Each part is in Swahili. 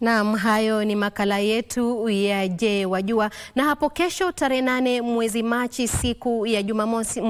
Naam, hayo ni makala yetu ya Je, wajua? Na hapo kesho tarehe nane mwezi Machi siku ya Jumamosi,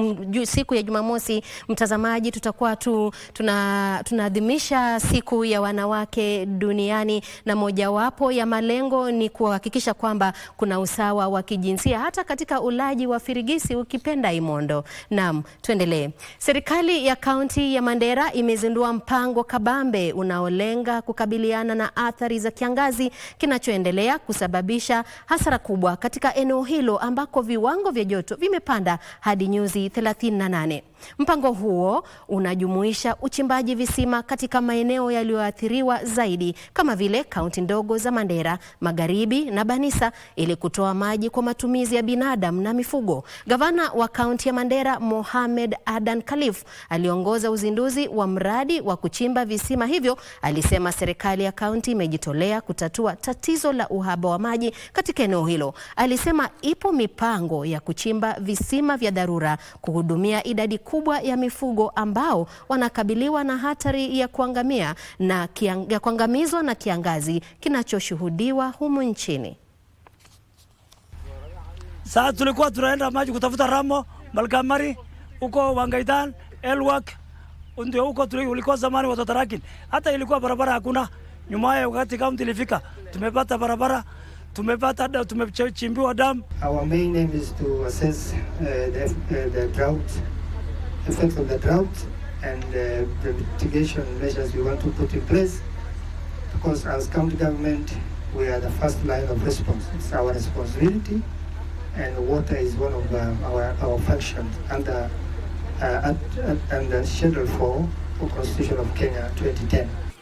siku ya Jumamosi mtazamaji, tutakuwa tu, tuna, tunaadhimisha siku ya wanawake duniani na mojawapo ya malengo ni kuhakikisha kwamba kuna usawa wa kijinsia hata katika ulaji wa firigisi ukipenda imondo. Naam, tuendelee. Serikali ya kaunti ya Mandera imezindua mpango kabambe unaolenga kukabiliana na athari za kiangazi kinachoendelea kusababisha hasara kubwa katika eneo hilo ambako viwango vya joto vimepanda hadi nyuzi 38. Mpango huo unajumuisha uchimbaji visima katika maeneo yaliyoathiriwa zaidi kama vile kaunti ndogo za Mandera, Magharibi na Banisa ili kutoa maji kwa matumizi ya binadamu na mifugo. Gavana wa kaunti ya Mandera, Mohamed Adan Khalif, aliongoza uzinduzi wa mradi wa kuchimba visima hivyo. Alisema serikali ya kaunti imejitolea kutatua tatizo la uhaba wa maji katika eneo hilo. Alisema ipo mipango ya kuchimba visima vya dharura kuhudumia idadi mikubwa ya mifugo ambao wanakabiliwa na hatari ya kuangamia na kiang, ya kuangamizwa na kiangazi kinachoshuhudiwa humu nchini. Sasa tulikuwa tunaenda maji kutafuta Ramo, Malkamari, huko Wangaitan, Elwak, ndio huko tulikuwa zamani watoto lakini hata ilikuwa barabara hakuna. Nyumaye wakati kaunti ilifika, tumepata barabara, tumepata tumechimbiwa damu. Our main aim is to assess uh, the, uh, the drought effects of the drought and uh, the mitigation measures we want to put in place because as county government we are the first line of response. It's our responsibility and water is one of um, our, our functions under, uh, at, at, under Schedule 4 of Constitution of Kenya 2010.